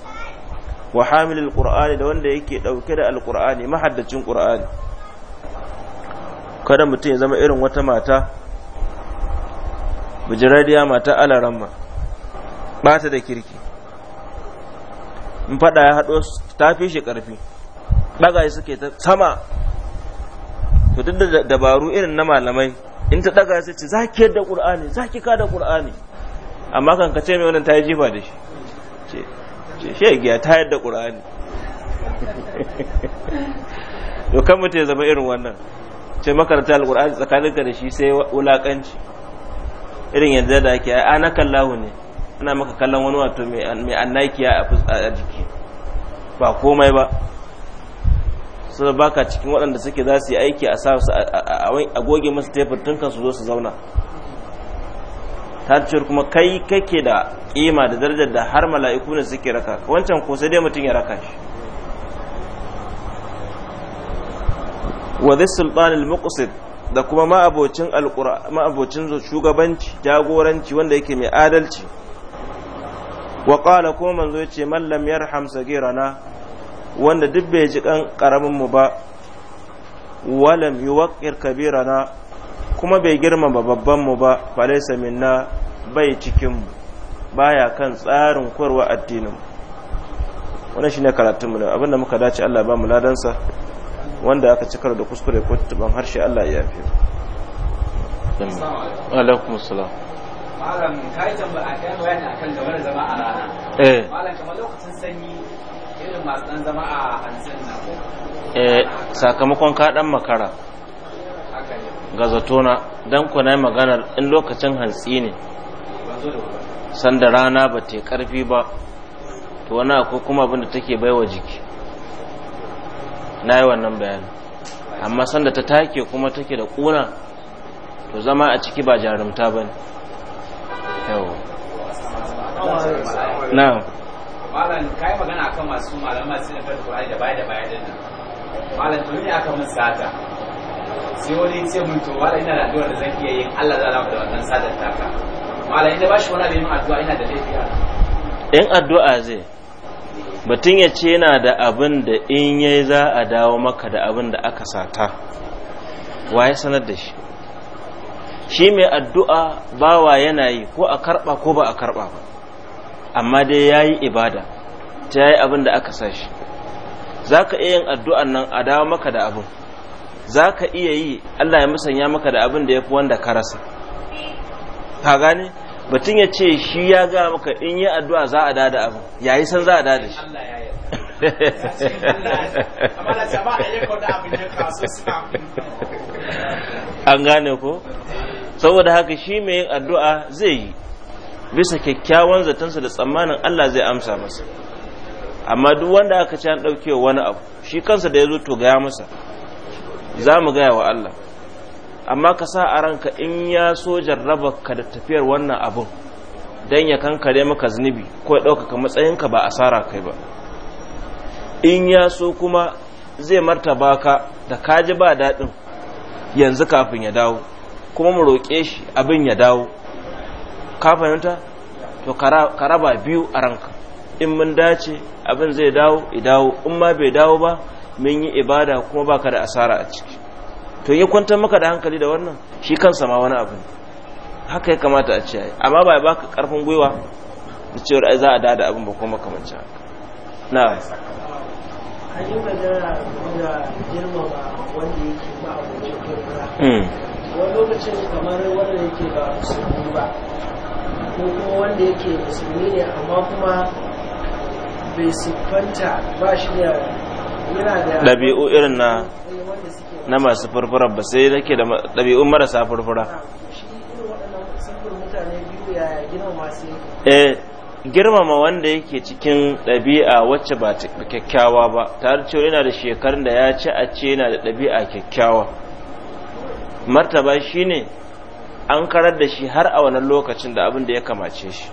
A: wa hamilul qur'ani da wanda yake dauke da alqur'ani mahaddacin qur'ani kada mutum ya zama irin wata mata bijiradiya mata alaramma bata da kirki in fada ya hado ta fi shi ƙarfi shi suke sama to duk da dabaru irin na malamai in ta ɗaga sai ce za ki yadda ƙur'ani za ki kada ƙur'ani amma kan ka ce mai wannan ta yi jifa da shi ce shi giya ta yadda ƙura'ani to kan mutum ya zama irin wannan ce makaranta alƙura'ani tsakanin ka da shi sai wulaƙanci irin yadda da ake ai na kallahu ne ana maka kallon wani wato mai annakiya a jiki ba komai ba su baka cikin waɗanda suke za su yi aiki a goge masu tefin tun kan su zo su zauna ta cewar kuma kai kake da kima da darajar da har mala'iku ne suke raka wancan ko sai dai mutum ya raka shi wa dhis sultan al muqsid da kuma ma'abocin alqur'ani ma'abocin shugabanci jagoranci wanda yake mai adalci wa qala kuma manzo yace man lam yarham sagirana wanda duk bai ji kan karamin mu ba walam yuwaqir kabirana kuma bai girmama babbanmu ba falaisa minna bai cikinmu baya kan tsarin korwa addininmu wannan shine karatunmu da abinda muka dace Allah ba mu ladansa wanda aka cikar da kuskure ko tuban harshe Allah ya yafe alaikum assalam malam kai tambaya kai bayani akan game da zama a rana eh malam kamar lokacin sanyi irin masu dan zama a hanzin na eh sakamakon ka dan makara ga zatona don kuna na maganar in lokacin hantsi ne sanda rana ba ta karfi ba to wani akwai kuma abin da take baiwa jiki na yi wannan bayani amma sanda ta take kuma take da kuna to zama a ciki ba jarumta ba ne yau na malam kai magana akan masu malama sai da fata da baya da baya din nan malam to ne aka mun sata sai wani ce mun to wala ina da addu'a da zan iya yin Allah zai za da wannan sadar taka wala inda ba shi wani abin addu'a ina da lafiya in addu'a zai batun ya ce yana da abin da in yayi za a dawo maka da abin da aka sata wa ya sanar da shi shi mai addu'a bawa yana yi ko a karɓa ko ba a karɓa ba amma dai ya yi ibada ta yi abin da aka sa shi za ka iya yin addu'an nan a dawo maka da abin za ka iya yi Allah ya musanya maka da abin da ya fi wanda ka rasa ka gane batun ya ce shi ya ga maka in yi addu'a za a dada abin yayi san za a dada shi an gane ko saboda haka shi mai yin addu'a zai yi bisa kyakkyawan zatonsa da tsammanin Allah zai amsa masa amma duk wanda aka ci an ɗauke wani abu shi kansa da ya zo to gaya masa za mu gaya wa Allah amma ka sa a ranka in ya so jarraba ka da tafiyar wannan abun don ya kankare maka zunubi ko ya ɗaukaka matsayinka ba asara kai ba in ya so kuma zai martaba ka da kaji ba daɗin yanzu kafin ya dawo kuma mu roƙe shi abin ya dawo ka fahimta to ka raba biyu a ranka in mun dace abin zai dawo i dawo in ma bai dawo ba mun yi ibada kuma baka da asara a ciki to ya kwantar maka da hankali da wannan shi kansa ma wani abu haka ya kamata a ciyayi amma ba ya baka karfin gwiwa da cewar za a dada abin ba kuma kamanci haka na hmm. wani lokacin kamar wanda yake ba musulmi ba ko kuma wanda yake musulmi ne amma kuma bai siffanta ba shi ne ɗabi'u irin na na masu furfura ba sai nake da ɗabi'un marasa furfura eh girmama wanda yake cikin ɗabi'a wacce ba ta kyakkyawa ba tare cewa yana da shekarun da ya ci a ce yana da ɗabi'a kyakkyawa martaba shine an karar da shi har a wannan lokacin da abin da ya kamace shi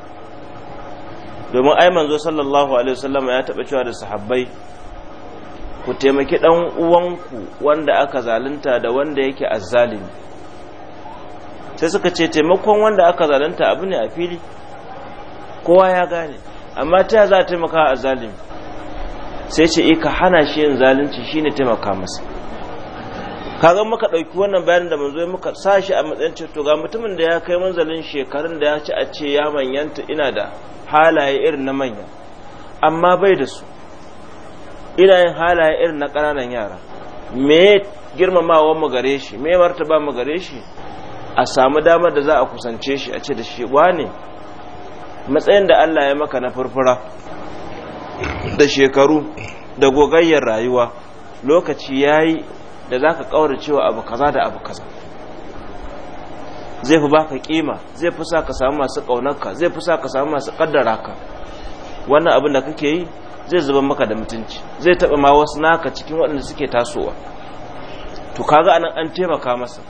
A: domin ai manzo sallallahu alaihi wasallam ya taɓa cewa da sahabbai ku taimaki ɗan uwanku wanda aka zalunta da wanda yake azzalimi sai suka ce taimakon wanda aka zalunta abu ne a fili kowa ya gane amma ta za a taimaka a zalimi sai ce eh, ka hana shi yin zalunci shi ne taimaka masa kaga muka ɗauki wannan bayanin da manzo muka sa shi a matsayin ceto ga mutumin da ya kai manzalin shekarun da ya ci a ce ya manyanta ina da halaye irin na manya amma bai da su ina yin halaye irin na ƙananan yara me girmamawa mu gare shi me martaba mu gare shi a samu damar da za a kusance shi a ce da shi wane matsayin da Allah ya maka na furfura da shekaru da gogayyar rayuwa lokaci ya yi da za ka kaura cewa abu kaza da abu kaza zai fi baka ƙima? zai fi sa ka samu masu kaunarka zai fi sa ka samu masu kaddara ka wannan abin da kake yi zai zuba maka da mutunci zai taba ma wasu naka cikin waɗanda suke tasowa to kaga anan an taimaka masa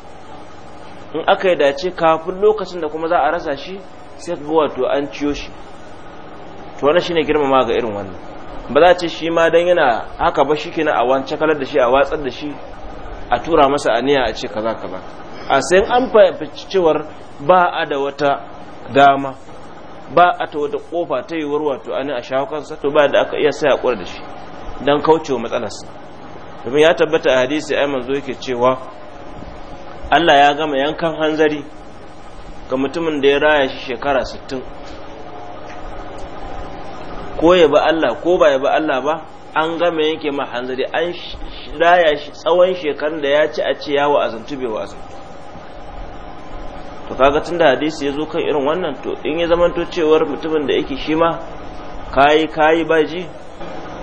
A: in aka yi dace kafin lokacin da kuma za a rasa shi sai ka ga wato an ciyo shi to wannan shine girmama ga irin wannan ba za ce shi ma dan yana haka ba shi kenan a wance kalar da shi a watsar da shi a tura masa aniya a ce kaza kaza a sai an fahimci cewar ba a da wata dama ba a ta wata kofa ta yiwuwar wato ana a shawo kansa to ba da aka iya sai a da shi don kaucewa matsalarsa domin ya tabbata a hadisi ai manzo yake cewa Allah ya gama yankan hanzari ga mutumin da ya raya shi shekara 60 ko ya ba Allah ko ba ya ba Allah ba an gama yanke ma hanzari an raya shi tsawon shekarun da ya ci a ce yawo azantu bai to kaga tunda hadisi ya zo kan irin wannan to in ya zamanto cewar mutumin da yake shi ma kayi kayi baji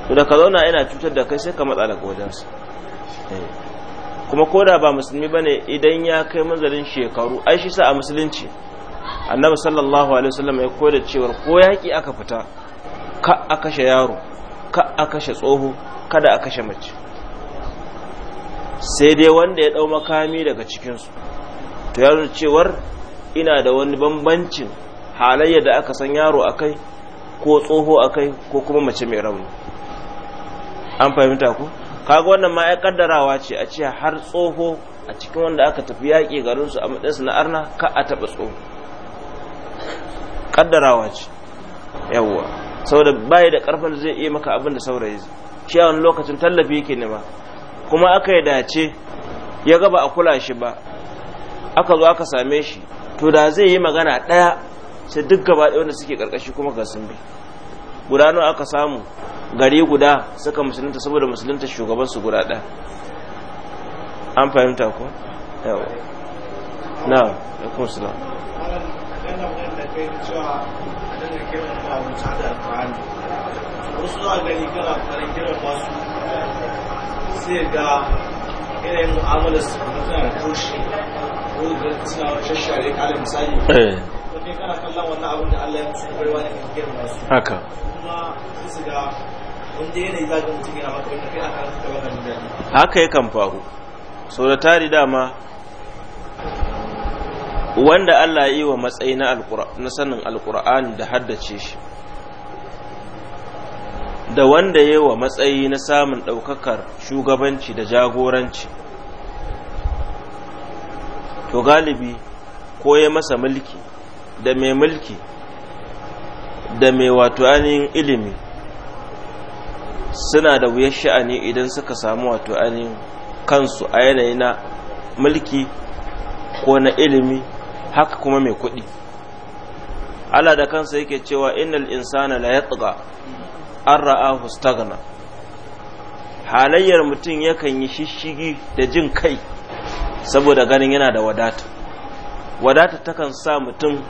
A: to da ka zauna yana cutar da kai sai ka matsa daga wajensa eh. kuma ko da ba musulmi bane idan ya kai manzalin shekaru ai shi sa a musulunci annabi sallallahu alaihi wasallam ya koda cewar ko yaki aka fita ka a kashe yaro ka a kashe tsoho kada a kashe mace sai dai wanda ya dau makami daga cikin su to yaro cewar ina da wani bambancin halayya da aka san yaro akai ko tsoho akai ko kuma mace mai rauni an fahimta ku kaga wannan ma ya kaddarawa ce a ce har tsoho a cikin wanda aka tafi yaƙi garin su a matsayinsu na arna ka a taɓa tsoho kaddarawa ce yawwa saboda bai da karfin zai iya maka abin da saurayi shi a wani lokacin tallafi yake ba, kuma aka yi dace ya gaba a kula shi ba aka zo aka same shi to da zai yi magana ɗaya sai duk gaba wanda suke karkashi kuma ga sun bi guda nawa aka samu gari guda suka musulunta saboda musulunta shugaban su guda ɗaya an fahimta ko yawa na ya kuma su wasu
B: gani kana
A: sai ga yanayin mu'amalar su da tushe Eh. haka haka yakan faru so da tari dama wanda Allah yi wa matsayi na sanin alkur'ani da haddace shi da wanda yi wa matsayi na samun ɗaukakar shugabanci da jagoranci to galibi ko ya masa mulki da mai mulki da mai wato ainihin ilimi suna da wuyar sha'ani idan suka samu wato ainihin kansu a yanayi na mulki ko na ilimi haka kuma mai kuɗi Ala da kansa yake cewa innal insana la yatgha an ra'ahu staghna halayyar mutum yakan yi shishigi da jin kai saboda ganin yana da wadata wadata takan sa mutum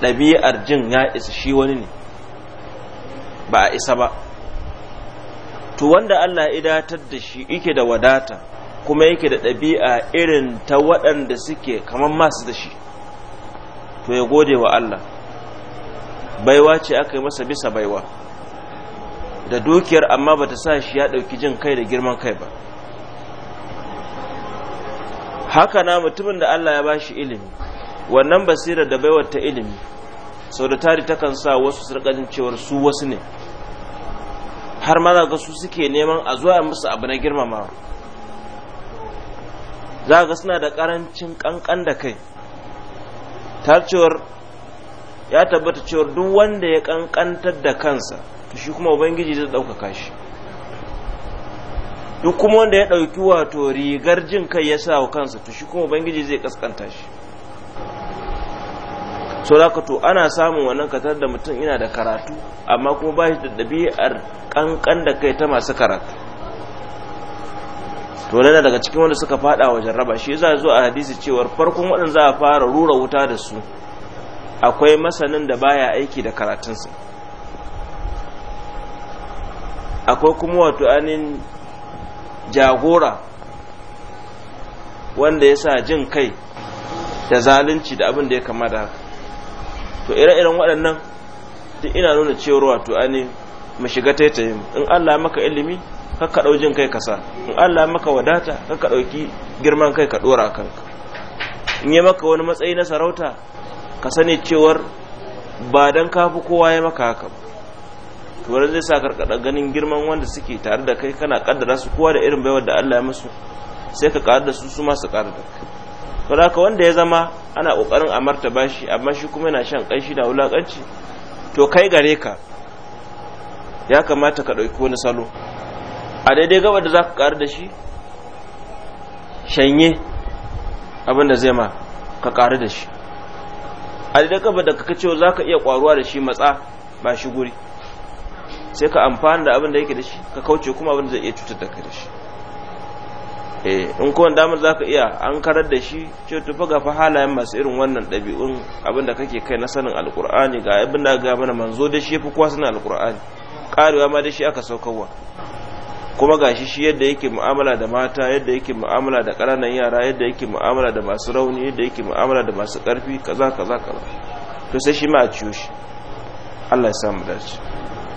A: ɗabi'ar jin ya isa shi wani ne ba a isa ba to wanda Allah idatar da shi yake da wadata kuma yake da ɗabi'a irin ta waɗanda suke kamar masu da shi to ya gode wa Allah baiwa ce aka yi masa bisa baiwa da dukiyar amma bata sa shi ya ɗauki jin kai da girman kai ba haka na mutumin da Allah ya ba shi ilimi wannan basirar da baiwar ta ilimi sau da tari takan sa wasu sarƙanin cewar su wasu ne har maza ga su suke neman a zuwa musu abu na girmama za ga suna da ƙarancin ƙanƙan da kai ta cewar ya tabbata cewar duk wanda ya ƙanƙantar da kansa to shi kuma ubangiji zai ɗaukaka shi duk kuma wanda ya ɗauki wato rigar jin kai ya sa wa kansa to shi kuma ubangiji zai kaskanta shi so da to ana samun wannan katar da mutum ina da karatu amma kuma ba shi da ɗabi'ar ƙanƙan da kai ta masu karatu to nan daga cikin wanda suka fada wa jarraba shi za zuwa a hadisi cewar farkon waɗanda za a fara rura wuta da su akwai masanin da baya aiki da karatunsa akwai kuma wato anin jagora wanda ya sa jin kai da zalunci da abin da ya kama da haka to ire-iren waɗannan duk ina nuna cewar wato ani mu shiga taitayin in Allah maka ilimi kakka ɗau jin kai ka sa in Allah maka wadata kakka ɗauki girman kai ka ɗora kanka in yi maka wani matsayi na sarauta ka sani cewar ba don kafi kowa ya maka haka ba kamar zai sa karkada ganin girman wanda suke tare da kai kana kaddara su kowa da irin baiwar da Allah ya musu sai ka karu da su su masu karu da to da wanda ya zama ana kokarin a martaba shi amma shi kuma yana shan kanshi da wulakanci to kai gare ka ya kamata ka dauki wani salo a daidai gaba da zaka karu da shi shanye abin da zai ma ka karu da shi a daidai gaba da kaka cewa zaka iya kwaruwa da shi matsa ba shi guri sai ka amfani da abin da yake da shi ka kauce kuma abin da zai iya cutar da ka da shi eh in kowane damar za ka iya an karar da shi ce tufa gafa halayen masu irin wannan ɗabi'un abin da kake kai na sanin alkur'ani ga abin da ga mana manzo da shi fi kowa sanin alkur'ani karewa ma da shi aka saukarwa kuma ga shi yadda yake mu'amala da mata yadda yake mu'amala da ƙananan yara yadda yake mu'amala da masu rauni yadda yake mu'amala da masu ƙarfi kaza kaza kaza to sai shi ma a ciyo shi Allah ya samu dace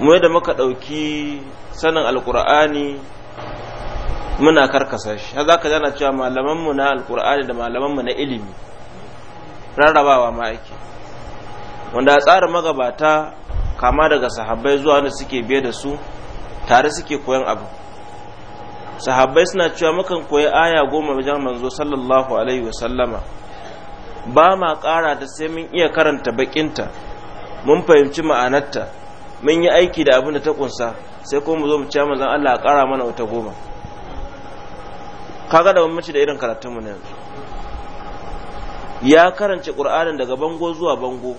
A: mu da muka ɗauki sanin alkur'ani muna karkasa shi za ka zana cewa malamanmu na alkur'ani da malamanmu na ilimi rarrabawa ma ake wanda a tsarin magabata kama daga sahabbai zuwa wanda suke biye da su tare suke koyan abu sahabbai suna cewa mukan koyi aya goma wajen manzo sallallahu alaihi wasallama ba ma ƙara da sai mun iya karanta bakinta mun fahimci ma'anarta mun yi aiki da abin da ta kunsa sai kuma mu zo mu ci zan Allah a kara mana wata goma kaga da ci da irin karatun mu na yanzu ya karance Qur'anin daga bango zuwa bango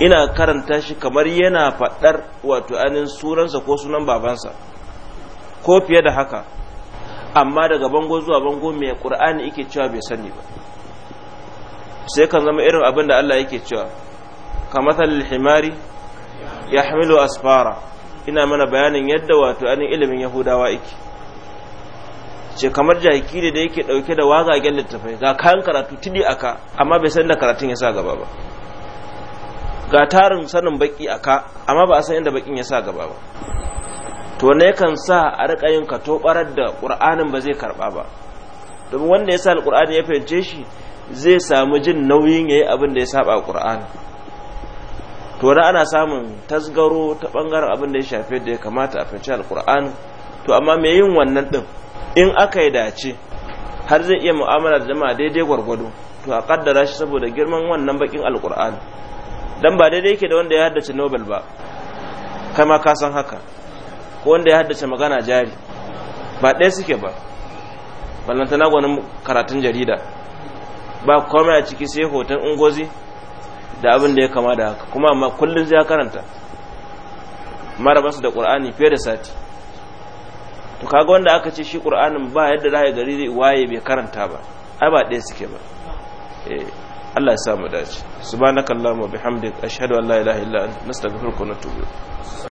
A: ina karanta shi kamar yana faɗar wato anin suransa ko sunan babansa ko fiye da haka amma daga bango zuwa bango mai ƙur'ani yake cewa bai sani ba sai kan zama irin abin da Allah yake cewa kamathal himari ya hamilu asfara ina mana bayanin yadda wato anin ilimin yahudawa yake ce kamar jahiki ne da yake dauke da wagagen littafai ga kayan karatu tidi aka amma bai san da karatun ya sa gaba ba ga tarin sanin baki aka amma ba a san inda bakin ya sa gaba ba to ne kan sa a rika yin ka to barar da qur'anin ba zai karba ba domin wanda ya sa alqur'ani ya fahimce shi zai samu jin nauyin yayi abin da ya saba qur'ani to da ana samun tasgaro ta bangaren abin da ya shafe da ya kamata a fahimci alkur'ani to amma me yin wannan din in aka yi dace har zai iya mu'amala da jama'a daidai gwargwado to a kaddara shi saboda girman wannan bakin alkur'ani dan ba daidai yake da wanda ya haddace nobel ba kai ma ka san haka ko wanda ya haddace magana jari ba ɗaya suke ba ballantana gwanin karatun jarida ba komai a ciki sai hoton ungozi da abin da ya kama da haka kuma amma kullum zai karanta mara basu da qur'ani fiye da sati to kaga wanda aka ce shi qur'anin ba yadda za a gari waye bai karanta ba ai ba ɗaya suke ba eh Allah ya samu dace subhanakallahumma bihamdika ashhadu an la ilaha illa anta nastaghfiruka wa natubu